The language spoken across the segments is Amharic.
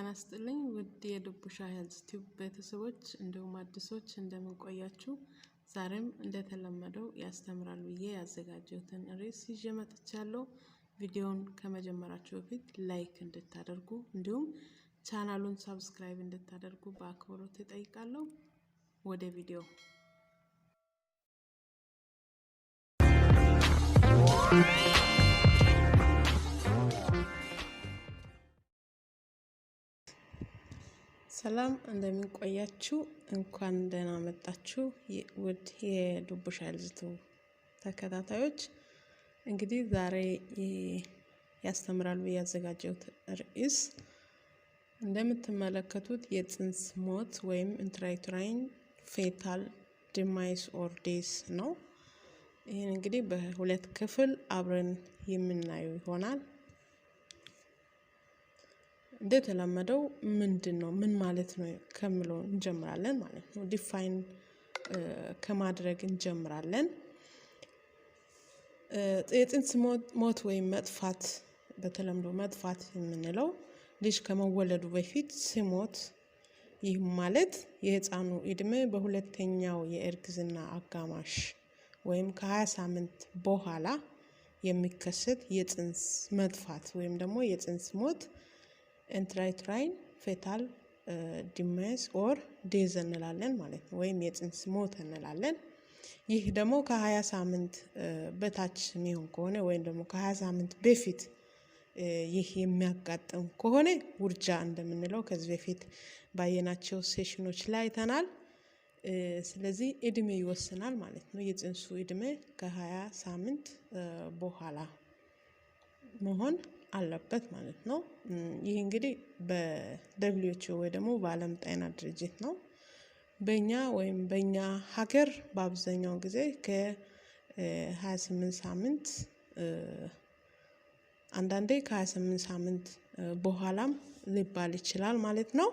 ጤና ይስጥልኝ ውድ የድቡሻ ሄልዝ ቲዩብ ቤተሰቦች እንዲሁም አዲሶች እንደምንቆያችሁ፣ ዛሬም እንደተለመደው ያስተምራል ብዬ ያዘጋጀሁትን ርዕስ ይዤ መጥቻለሁ። ቪዲዮውን ከመጀመራችሁ በፊት ላይክ እንድታደርጉ እንዲሁም ቻናሉን ሳብስክራይብ እንድታደርጉ በአክብሮት እጠይቃለሁ። ወደ ቪዲዮ Thank ሰላም እንደምንቆያችሁ እንኳን ደህና መጣችሁ ውድ የዱቡሻ ልጅቱ ተከታታዮች። እንግዲህ ዛሬ ያስተምራሉ ብዬ ያዘጋጀሁት ርዕስ እንደምትመለከቱት የፅንስ ሞት ወይም ኢንትራዩትራይን ፌታል ዲማይስ ኦር ዴስ ነው። ይህን እንግዲህ በሁለት ክፍል አብረን የምናየው ይሆናል። እንደተለመደው ምንድን ነው ምን ማለት ነው ከምለው እንጀምራለን ማለት ነው። ዲፋይን ከማድረግ እንጀምራለን። የፅንስ ሞት ወይም መጥፋት በተለምዶ መጥፋት የምንለው ልጅ ከመወለዱ በፊት ሲሞት፣ ይህ ማለት የህፃኑ እድሜ በሁለተኛው የእርግዝና አጋማሽ ወይም ከ ሳምንት በኋላ የሚከሰት የፅንስ መጥፋት ወይም ደግሞ የፅንስ ሞት ኤንትራይትራይን ፌታል ዲሜስ ኦር ዴዝ እንላለን ማለት ነው። ወይም የጽንስ ሞት እንላለን። ይህ ደግሞ ከሀያ ሳምንት በታች የሚሆን ከሆነ ወይም ደግሞ ከሀያ ሳምንት በፊት ይህ የሚያጋጥም ከሆነ ውርጃ እንደምንለው ከዚህ በፊት ባየናቸው ሴሽኖች ላይ አይተናል። ስለዚህ እድሜ ይወስናል ማለት ነው። የጽንሱ እድሜ ከሀያ ሳምንት በኋላ መሆን አለበት ማለት ነው። ይህ እንግዲህ በደብሊዎች ወይ ደግሞ በዓለም ጤና ድርጅት ነው። በእኛ ወይም በእኛ ሀገር በአብዛኛው ጊዜ ከ28 ሳምንት አንዳንዴ ከ28 ሳምንት በኋላም ሊባል ይችላል ማለት ነው።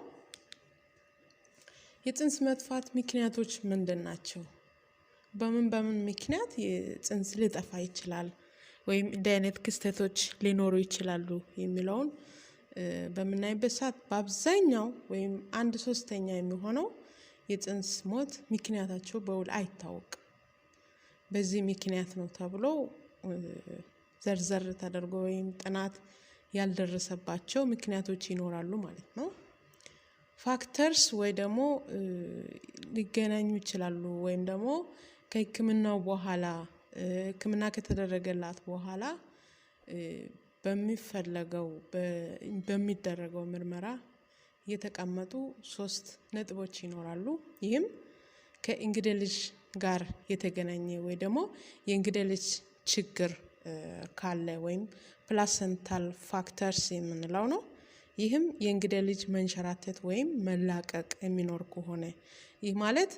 የጽንስ መጥፋት ምክንያቶች ምንድን ናቸው? በምን በምን ምክንያት የጽንስ ሊጠፋ ይችላል? ወይም እንደ አይነት ክስተቶች ሊኖሩ ይችላሉ የሚለውን በምናይበት ሰዓት በአብዛኛው ወይም አንድ ሶስተኛ የሚሆነው የጽንስ ሞት ምክንያታቸው በውል አይታወቅም። በዚህ ምክንያት ነው ተብሎ ዘርዘር ተደርጎ ወይም ጥናት ያልደረሰባቸው ምክንያቶች ይኖራሉ ማለት ነው። ፋክተርስ ወይ ደግሞ ሊገናኙ ይችላሉ ወይም ደግሞ ከሕክምናው በኋላ ህክምና ከተደረገላት በኋላ በሚፈለገው በሚደረገው ምርመራ የተቀመጡ ሶስት ነጥቦች ይኖራሉ። ይህም ከእንግዴ ልጅ ጋር የተገናኘ ወይ ደግሞ የእንግዴ ልጅ ችግር ካለ ወይም ፕላሰንታል ፋክተርስ የምንለው ነው። ይህም የእንግዴ ልጅ መንሸራተት ወይም መላቀቅ የሚኖር ከሆነ ይህ ማለት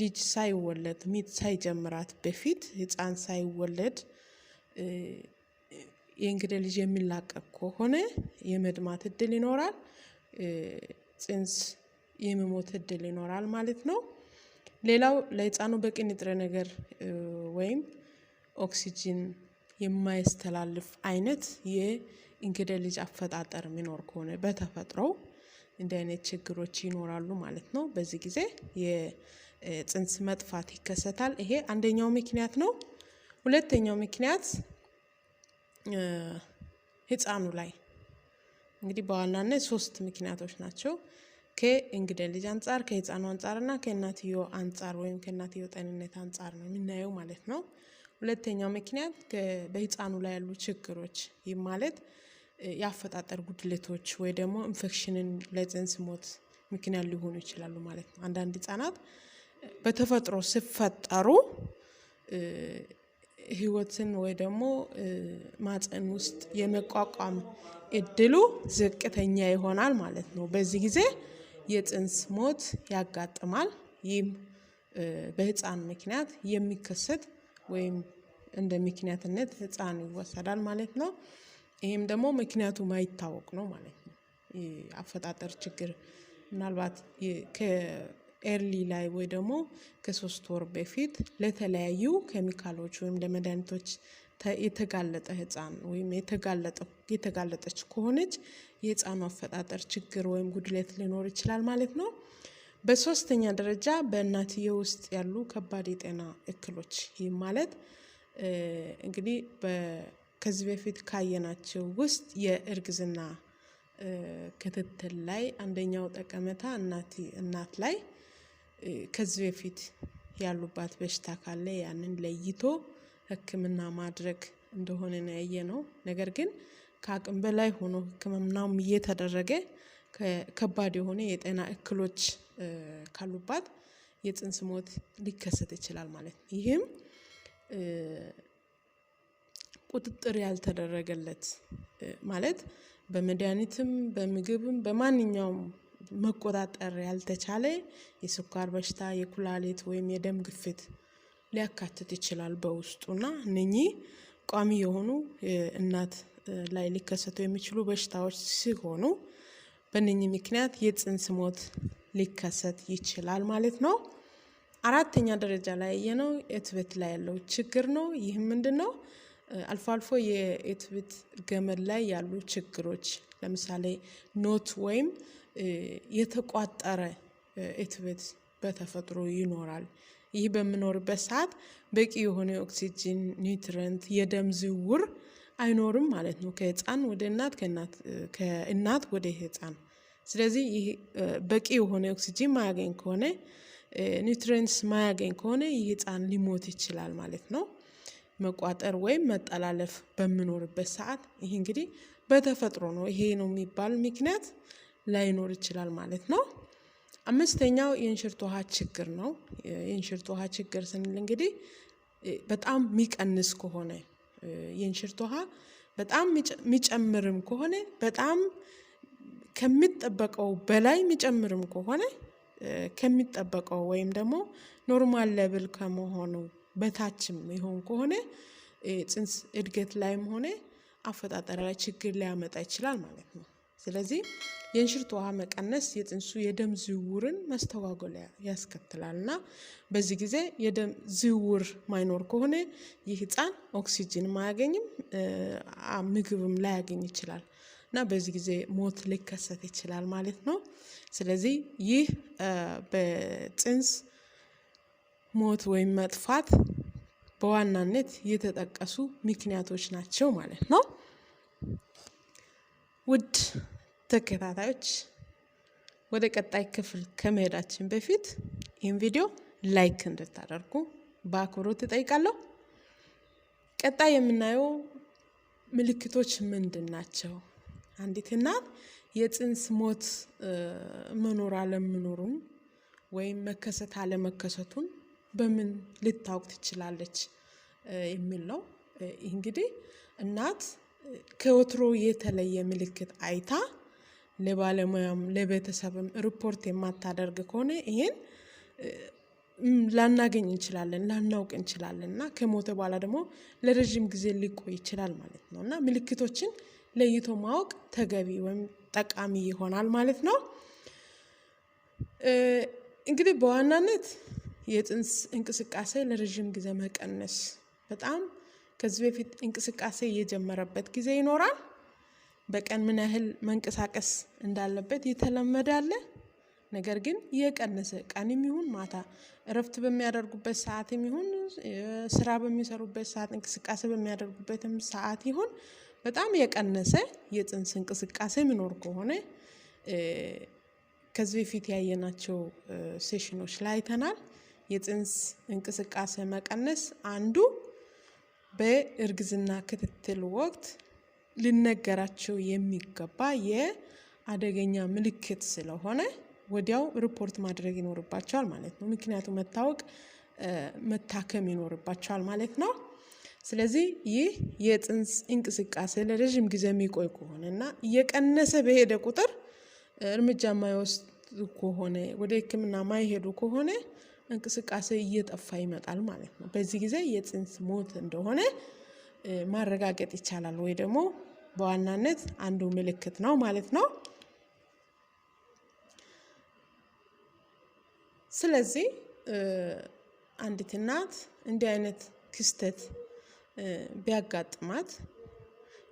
ልጅ ሳይወለድ ሚጥ ሳይጀምራት በፊት ህፃን ሳይወለድ የእንግዴ ልጅ የሚላቀቅ ከሆነ የመድማት እድል ይኖራል። ጽንስ የመሞት እድል ይኖራል ማለት ነው። ሌላው ለህፃኑ በቂ ንጥረ ነገር ወይም ኦክሲጂን የማያስተላልፍ አይነት የእንግዴ ልጅ አፈጣጠር የሚኖር ከሆነ በተፈጥሮ እንዲህ አይነት ችግሮች ይኖራሉ ማለት ነው። በዚህ ጊዜ ጽንስ መጥፋት ይከሰታል። ይሄ አንደኛው ምክንያት ነው። ሁለተኛው ምክንያት ህፃኑ ላይ እንግዲህ በዋናነት ሶስት ምክንያቶች ናቸው። ከእንግዴ ልጅ አንጻር፣ ከህፃኑ አንጻር እና ከእናትዮ አንጻር ወይም ከእናትዮ ጤንነት አንጻር ነው የምናየው ማለት ነው። ሁለተኛው ምክንያት በህፃኑ ላይ ያሉ ችግሮች፣ ይህ ማለት የአፈጣጠር ጉድለቶች ወይ ደግሞ ኢንፌክሽንን ለጽንስ ሞት ምክንያት ሊሆኑ ይችላሉ ማለት ነው። አንዳንድ ህጻናት በተፈጥሮ ሲፈጠሩ ህይወትን ወይ ደግሞ ማፀን ውስጥ የመቋቋም እድሉ ዝቅተኛ ይሆናል ማለት ነው። በዚህ ጊዜ የፅንስ ሞት ያጋጥማል። ይህም በህፃን ምክንያት የሚከሰት ወይም እንደ ምክንያትነት ህፃን ይወሰዳል ማለት ነው። ይህም ደግሞ ምክንያቱ ማይታወቅ ነው ማለት ነው። አፈጣጠር ችግር ምናልባት ኤርሊ ላይ ወይ ደግሞ ከሶስት ወር በፊት ለተለያዩ ኬሚካሎች ወይም ለመድኃኒቶች የተጋለጠ ህፃን ወይም የተጋለጠች ከሆነች የህፃኑ አፈጣጠር ችግር ወይም ጉድለት ሊኖር ይችላል ማለት ነው። በሶስተኛ ደረጃ በእናትየ ውስጥ ያሉ ከባድ የጤና እክሎች ይህ ማለት እንግዲህ ከዚህ በፊት ካየናቸው ውስጥ የእርግዝና ክትትል ላይ አንደኛው ጠቀሜታ እናት ላይ ከዚህ በፊት ያሉባት በሽታ ካለ ያንን ለይቶ ሕክምና ማድረግ እንደሆነ ነው ያየ ነው። ነገር ግን ከአቅም በላይ ሆኖ ሕክምናውም እየተደረገ ከባድ የሆነ የጤና እክሎች ካሉባት የጽንስ ሞት ሊከሰት ይችላል ማለት ነው። ይህም ቁጥጥር ያልተደረገለት ማለት በመድኃኒትም በምግብም በማንኛውም መቆጣጠር ያልተቻለ የስኳር በሽታ፣ የኩላሊት ወይም የደም ግፊት ሊያካትት ይችላል በውስጡ እና እነኚህ ቋሚ የሆኑ እናት ላይ ሊከሰቱ የሚችሉ በሽታዎች ሲሆኑ በእነኚህ ምክንያት የጽንስ ሞት ሊከሰት ይችላል ማለት ነው። አራተኛ ደረጃ ላይ ያየነው እትብት ላይ ያለው ችግር ነው። ይህም ምንድን ነው? አልፎ አልፎ የእትብት ገመድ ላይ ያሉ ችግሮች ለምሳሌ ኖት ወይም የተቋጠረ እትበት በተፈጥሮ ይኖራል። ይህ በምኖርበት ሰዓት በቂ የሆነ ኦክሲጅን ኒውትረንት የደም ዝውውር አይኖርም ማለት ነው። ከህፃን ወደ እናት ከእናት ወደ ህፃን። ስለዚህ ይህ በቂ የሆነ ኦክሲጂን ማያገኝ ከሆነ ኒውትረንስ ማያገኝ ከሆነ ይህ ህፃን ሊሞት ይችላል ማለት ነው። መቋጠር ወይም መጠላለፍ በምኖርበት ሰዓት ይህ እንግዲህ በተፈጥሮ ነው ይሄ ነው የሚባል ምክንያት ላይኖር ይችላል ማለት ነው። አምስተኛው የእንሽርት ውሃ ችግር ነው። የእንሽርት ውሃ ችግር ስንል እንግዲህ በጣም የሚቀንስ ከሆነ የእንሽርት ውሃ በጣም የሚጨምርም ከሆነ በጣም ከሚጠበቀው በላይ የሚጨምርም ከሆነ ከሚጠበቀው ወይም ደግሞ ኖርማል ሌብል ከመሆኑ በታችም ይሆን ከሆነ ጽንስ እድገት ላይም ሆነ አፈጣጠር ላይ ችግር ሊያመጣ ይችላል ማለት ነው ስለዚህ የእንሽርት ውሃ መቀነስ የፅንሱ የደም ዝውውርን መስተጓጎሊያ ያስከትላል እና በዚህ ጊዜ የደም ዝውውር ማይኖር ከሆነ ይህ ህፃን ኦክሲጅንም አያገኝም፣ ምግብም ላያገኝ ይችላል እና በዚህ ጊዜ ሞት ሊከሰት ይችላል ማለት ነው። ስለዚህ ይህ በፅንስ ሞት ወይም መጥፋት በዋናነት የተጠቀሱ ምክንያቶች ናቸው ማለት ነው። ውድ ተከታታዮች ወደ ቀጣይ ክፍል ከመሄዳችን በፊት ይህን ቪዲዮ ላይክ እንድታደርጉ በአክብሮት እጠይቃለሁ። ቀጣይ የምናየው ምልክቶች ምንድን ናቸው? አንዲት እናት የጽንስ ሞት መኖር አለመኖሩን ወይም መከሰት አለመከሰቱን በምን ልታውቅ ትችላለች? የሚል ነው። እንግዲህ እናት ከወትሮ የተለየ ምልክት አይታ ለባለሙያም ለቤተሰብም ሪፖርት የማታደርግ ከሆነ ይሄን ላናገኝ እንችላለን፣ ላናውቅ እንችላለን እና ከሞተ በኋላ ደግሞ ለረዥም ጊዜ ሊቆይ ይችላል ማለት ነው እና ምልክቶችን ለይቶ ማወቅ ተገቢ ወይም ጠቃሚ ይሆናል ማለት ነው። እንግዲህ በዋናነት የፅንስ እንቅስቃሴ ለረዥም ጊዜ መቀነስ በጣም ከዚህ በፊት እንቅስቃሴ የጀመረበት ጊዜ ይኖራል። በቀን ምን ያህል መንቀሳቀስ እንዳለበት የተለመደ አለ። ነገር ግን የቀነሰ ቀን የሚሆን ማታ እረፍት በሚያደርጉበት ሰዓት የሚሆን ስራ በሚሰሩበት ሰዓት እንቅስቃሴ በሚያደርጉበትም ሰዓት ይሁን በጣም የቀነሰ የጽንስ እንቅስቃሴ የሚኖር ከሆነ ከዚህ በፊት ያየናቸው ሴሽኖች ላይ አይተናል። የፅንስ እንቅስቃሴ መቀነስ አንዱ በእርግዝና ክትትል ወቅት ሊነገራቸው የሚገባ የአደገኛ ምልክት ስለሆነ ወዲያው ሪፖርት ማድረግ ይኖርባቸዋል ማለት ነው። ምክንያቱም መታወቅ መታከም ይኖርባቸዋል ማለት ነው። ስለዚህ ይህ የፅንስ እንቅስቃሴ ለረዥም ጊዜ የሚቆይ ከሆነ እና እየቀነሰ በሄደ ቁጥር እርምጃ ማይወስ ከሆነ ወደ ሕክምና ማይሄዱ ከሆነ እንቅስቃሴ እየጠፋ ይመጣል ማለት ነው። በዚህ ጊዜ የጽንት ሞት እንደሆነ ማረጋገጥ ይቻላል ወይ ደግሞ በዋናነት አንዱ ምልክት ነው ማለት ነው። ስለዚህ አንዲት እናት እንዲህ አይነት ክስተት ቢያጋጥማት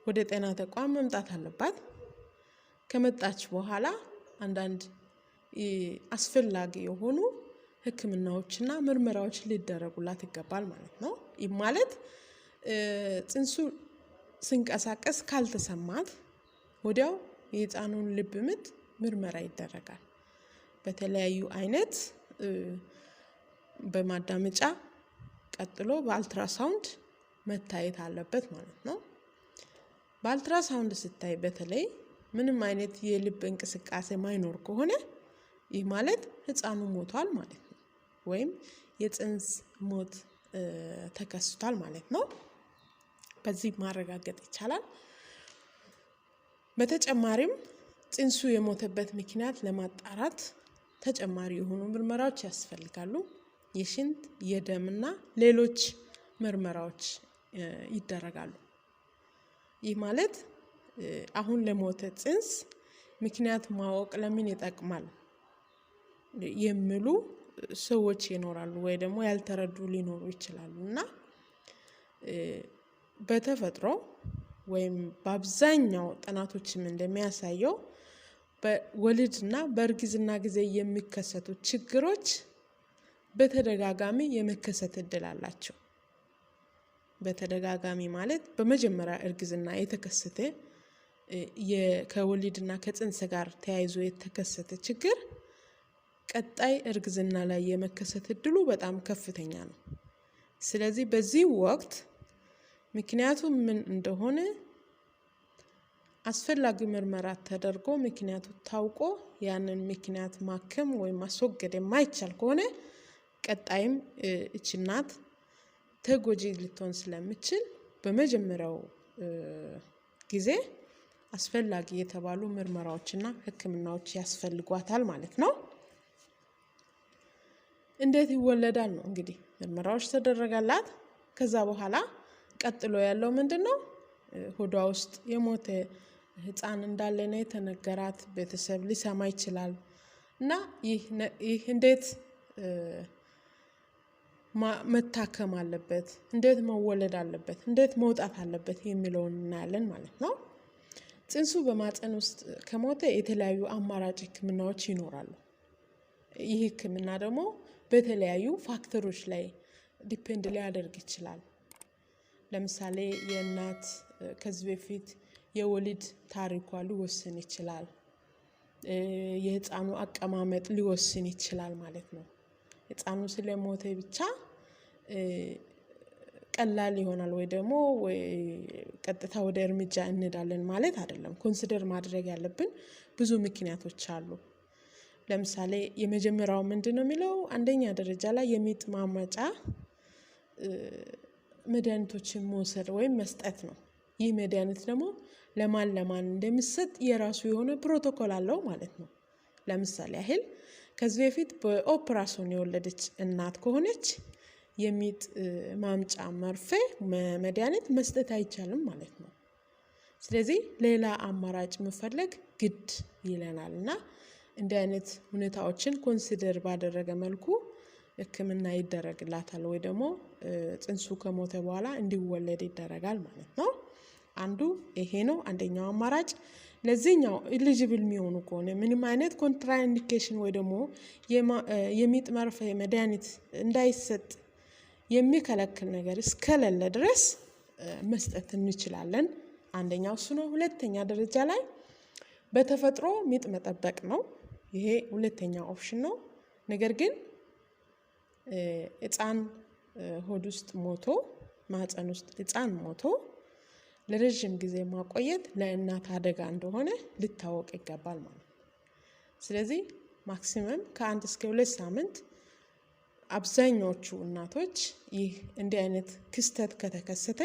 ወደ ጤና ተቋም መምጣት አለባት። ከመጣች በኋላ አንዳንድ አስፈላጊ የሆኑ ህክምናዎችና ምርመራዎች ሊደረጉላት ይገባል ማለት ነው። ይህ ማለት ጽንሱ ስንቀሳቀስ ካልተሰማት ወዲያው የህፃኑን ልብ ምት ምርመራ ይደረጋል። በተለያዩ አይነት በማዳመጫ ቀጥሎ በአልትራሳውንድ መታየት አለበት ማለት ነው። በአልትራሳውንድ ስታይ በተለይ ምንም አይነት የልብ እንቅስቃሴ ማይኖር ከሆነ ይህ ማለት ህፃኑ ሞቷል ማለት ነው። ወይም የጽንስ ሞት ተከስቷል ማለት ነው። በዚህ ማረጋገጥ ይቻላል። በተጨማሪም ጽንሱ የሞተበት ምክንያት ለማጣራት ተጨማሪ የሆኑ ምርመራዎች ያስፈልጋሉ። የሽንት የደም እና ሌሎች ምርመራዎች ይደረጋሉ። ይህ ማለት አሁን ለሞተ ጽንስ ምክንያት ማወቅ ለምን ይጠቅማል የሚሉ ሰዎች ይኖራሉ ወይ ደግሞ ያልተረዱ ሊኖሩ ይችላሉ እና በተፈጥሮ ወይም በአብዛኛው ጥናቶችም እንደሚያሳየው በወሊድና በእርግዝና ጊዜ የሚከሰቱ ችግሮች በተደጋጋሚ የመከሰት እድል አላቸው። በተደጋጋሚ ማለት በመጀመሪያ እርግዝና የተከሰተ ከወሊድና ከጽንስ ጋር ተያይዞ የተከሰተ ችግር ቀጣይ እርግዝና ላይ የመከሰት እድሉ በጣም ከፍተኛ ነው። ስለዚህ በዚህ ወቅት ምክንያቱ ምን እንደሆነ አስፈላጊ ምርመራ ተደርጎ ምክንያቱ ታውቆ ያንን ምክንያት ማከም ወይም ማስወገድ የማይቻል ከሆነ ቀጣይም እች እናት ተጎጂ ልትሆን ስለምችል በመጀመሪያው ጊዜ አስፈላጊ የተባሉ ምርመራዎችና ሕክምናዎች ያስፈልጓታል ማለት ነው። እንዴት ይወለዳል ነው እንግዲህ ምርመራዎች ተደረገላት። ከዛ በኋላ ቀጥሎ ያለው ምንድን ነው? ሆዷ ውስጥ የሞተ ህፃን እንዳለ ነው የተነገራት። ቤተሰብ ሊሰማ ይችላል እና ይህ እንዴት መታከም አለበት፣ እንዴት መወለድ አለበት፣ እንዴት መውጣት አለበት የሚለውን እናያለን ማለት ነው። ጽንሱ በማፀን ውስጥ ከሞተ የተለያዩ አማራጭ ህክምናዎች ይኖራሉ። ይህ ህክምና ደግሞ በተለያዩ ፋክተሮች ላይ ዲፔንድ ሊያደርግ ይችላል። ለምሳሌ የእናት ከዚህ በፊት የወሊድ ታሪኳ ሊወስን ይችላል። የህፃኑ አቀማመጥ ሊወስን ይችላል ማለት ነው። ህፃኑ ስለሞተ ብቻ ቀላል ይሆናል ወይ ደግሞ ቀጥታ ወደ እርምጃ እንሄዳለን ማለት አይደለም። ኮንሲደር ማድረግ ያለብን ብዙ ምክንያቶች አሉ ለምሳሌ የመጀመሪያው ምንድን ነው የሚለው አንደኛ ደረጃ ላይ የሚጥ ማመጫ መድኃኒቶችን መውሰድ ወይም መስጠት ነው። ይህ መድኃኒት ደግሞ ለማን ለማን እንደሚሰጥ የራሱ የሆነ ፕሮቶኮል አለው ማለት ነው። ለምሳሌ ያህል ከዚህ በፊት በኦፕራሶን የወለደች እናት ከሆነች የሚጥ ማምጫ መርፌ መድኃኒት መስጠት አይቻልም ማለት ነው። ስለዚህ ሌላ አማራጭ መፈለግ ግድ ይለናል እና እንዲህ አይነት ሁኔታዎችን ኮንሲደር ባደረገ መልኩ ሕክምና ይደረግላታል ወይ ደግሞ ጽንሱ ከሞተ በኋላ እንዲወለድ ይደረጋል ማለት ነው። አንዱ ይሄ ነው። አንደኛው አማራጭ ለዚህኛው ኢሊጅብል የሚሆኑ ከሆነ ምንም አይነት ኮንትራኢንዲኬሽን ወይ ደግሞ የሚጥ መርፌ መድኃኒት እንዳይሰጥ የሚከለክል ነገር እስከሌለ ድረስ መስጠት እንችላለን። አንደኛው እሱ ነው። ሁለተኛ ደረጃ ላይ በተፈጥሮ ሚጥ መጠበቅ ነው። ይሄ ሁለተኛ ኦፕሽን ነው። ነገር ግን እፃን ሆድ ውስጥ ሞቶ ማህፀን ውስጥ ሕፃን ሞቶ ለረዥም ጊዜ ማቆየት ለእናት አደጋ እንደሆነ ሊታወቅ ይገባል ማለት ነው። ስለዚህ ማክሲመም ከአንድ እስከ ሁለት ሳምንት አብዛኛዎቹ እናቶች ይህ እንዲህ አይነት ክስተት ከተከሰተ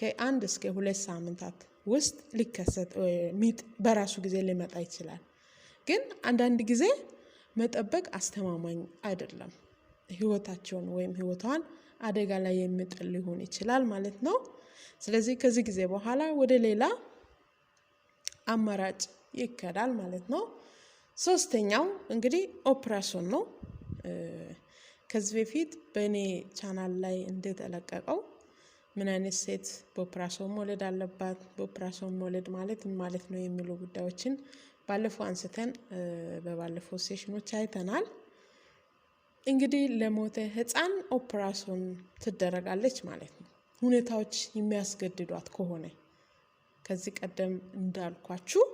ከአንድ እስከ ሁለት ሳምንታት ውስጥ ሊከሰት ሚጥ በራሱ ጊዜ ሊመጣ ይችላል። ግን አንዳንድ ጊዜ መጠበቅ አስተማማኝ አይደለም። ህይወታቸውን ወይም ህይወቷን አደጋ ላይ የሚጥል ሊሆን ይችላል ማለት ነው። ስለዚህ ከዚህ ጊዜ በኋላ ወደ ሌላ አማራጭ ይከዳል ማለት ነው። ሶስተኛው እንግዲህ ኦፕራሽን ነው። ከዚህ በፊት በእኔ ቻናል ላይ እንደተለቀቀው ምን አይነት ሴት በኦፕራሶን መውለድ አለባት፣ በኦፕራሶን መውለድ ማለት ማለት ነው የሚሉ ጉዳዮችን ባለፈው አንስተን በባለፈው ሴሽኖች አይተናል። እንግዲህ ለሞተ ህፃን ኦፕራሶን ትደረጋለች ማለት ነው፣ ሁኔታዎች የሚያስገድዷት ከሆነ ከዚህ ቀደም እንዳልኳችሁ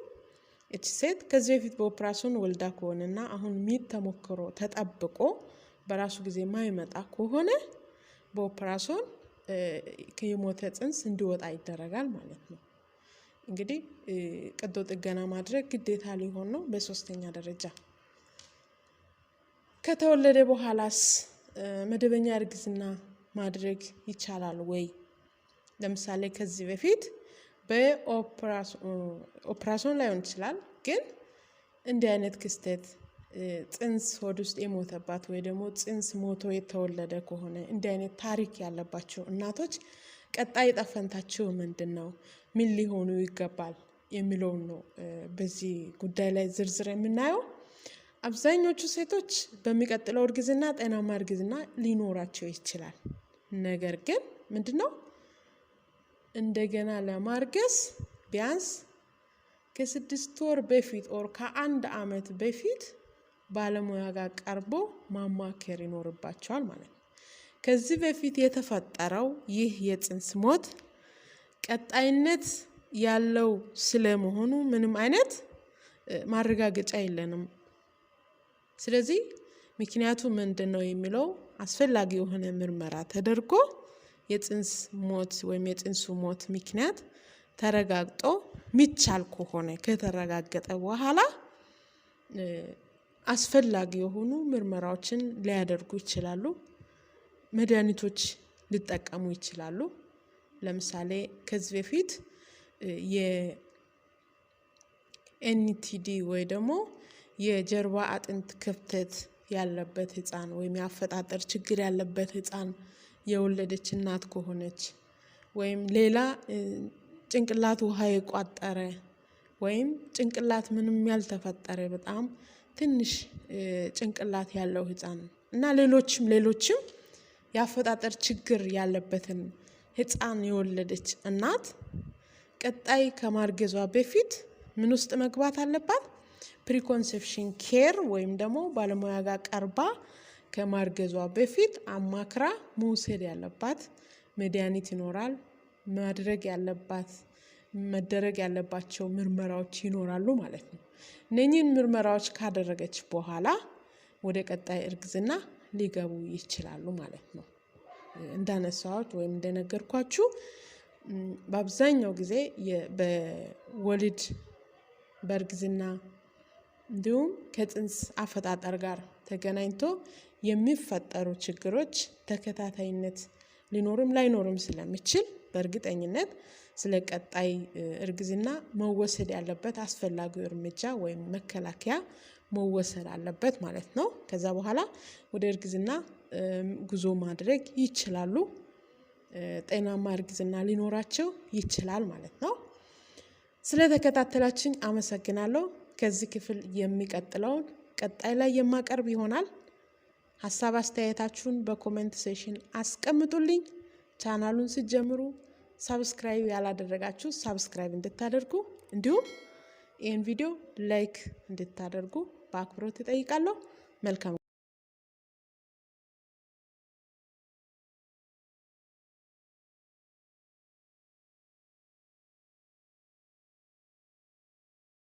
እች ሴት ከዚህ በፊት በኦፕራሶን ወልዳ ከሆነና አሁን ሚት ተሞክሮ ተጠብቆ በራሱ ጊዜ ማይመጣ ከሆነ በኦፕራሶን የሞተ ጽንስ እንዲወጣ ይደረጋል ማለት ነው። እንግዲህ ቀዶ ጥገና ማድረግ ግዴታ ሊሆን ነው። በሶስተኛ ደረጃ ከተወለደ በኋላስ መደበኛ እርግዝና ማድረግ ይቻላል ወይ? ለምሳሌ ከዚህ በፊት በኦፕራሶን ላይሆን ይችላል፣ ግን እንዲህ አይነት ክስተት ጽንስ ሆድ ውስጥ የሞተባት ወይ ደግሞ ጽንስ ሞቶ የተወለደ ከሆነ እንዲህ አይነት ታሪክ ያለባቸው እናቶች ቀጣይ ጠፈንታቸው ምንድን ነው? ምን ሊሆኑ ይገባል የሚለውን ነው በዚህ ጉዳይ ላይ ዝርዝር የምናየው። አብዛኞቹ ሴቶች በሚቀጥለው እርግዝና ጤናማ እርግዝና ሊኖራቸው ይችላል። ነገር ግን ምንድን ነው እንደገና ለማርገዝ ቢያንስ ከስድስት ወር በፊት ኦር ከአንድ አመት በፊት ባለሙያ ጋር ቀርቦ ማማከር ይኖርባቸዋል ማለት ነው። ከዚህ በፊት የተፈጠረው ይህ የጽንስ ሞት ቀጣይነት ያለው ስለመሆኑ ምንም አይነት ማረጋገጫ የለንም። ስለዚህ ምክንያቱ ምንድን ነው የሚለው አስፈላጊ የሆነ ምርመራ ተደርጎ የፅንስ ሞት ወይም የፅንሱ ሞት ምክንያት ተረጋግጦ ሚቻል ከሆነ ከተረጋገጠ በኋላ አስፈላጊ የሆኑ ምርመራዎችን ሊያደርጉ ይችላሉ። መድኃኒቶች ሊጠቀሙ ይችላሉ። ለምሳሌ ከዚህ በፊት የኤንቲዲ ወይ ደግሞ የጀርባ አጥንት ክፍተት ያለበት ህፃን ወይም የአፈጣጠር ችግር ያለበት ህፃን የወለደች እናት ከሆነች ወይም ሌላ ጭንቅላት ውሃ የቋጠረ ወይም ጭንቅላት ምንም ያልተፈጠረ በጣም ትንሽ ጭንቅላት ያለው ህፃን እና ሌሎችም ሌሎችም የአፈጣጠር ችግር ያለበትን ህፃን የወለደች እናት ቀጣይ ከማርገዟ በፊት ምን ውስጥ መግባት አለባት? ፕሪኮንሴፕሽን ኬር ወይም ደግሞ ባለሙያ ጋር ቀርባ ከማርገዟ በፊት አማክራ መውሰድ ያለባት መድኃኒት ይኖራል። ማድረግ ያለባት መደረግ ያለባቸው ምርመራዎች ይኖራሉ ማለት ነው። እነኚህን ምርመራዎች ካደረገች በኋላ ወደ ቀጣይ እርግዝና ሊገቡ ይችላሉ ማለት ነው። እንዳነሳዋት ወይም እንደነገርኳችሁ በአብዛኛው ጊዜ በወሊድ በእርግዝና እንዲሁም ከፅንስ አፈጣጠር ጋር ተገናኝቶ የሚፈጠሩ ችግሮች ተከታታይነት ሊኖርም ላይኖርም ስለሚችል በእርግጠኝነት ስለ ቀጣይ እርግዝና መወሰድ ያለበት አስፈላጊው እርምጃ ወይም መከላከያ መወሰድ አለበት ማለት ነው። ከዛ በኋላ ወደ እርግዝና ጉዞ ማድረግ ይችላሉ። ጤናማ እርግዝና ሊኖራቸው ይችላል ማለት ነው። ስለተከታተላችኝ አመሰግናለሁ። ከዚህ ክፍል የሚቀጥለውን ቀጣይ ላይ የማቀርብ ይሆናል። ሀሳብ አስተያየታችሁን በኮሜንት ሴሽን አስቀምጡልኝ። ቻናሉን ስጀምሩ ሳብስክራይብ ያላደረጋችሁ ሳብስክራይብ እንድታደርጉ እንዲሁም ይህን ቪዲዮ ላይክ እንድታደርጉ በአክብሮት እጠይቃለሁ። መልካም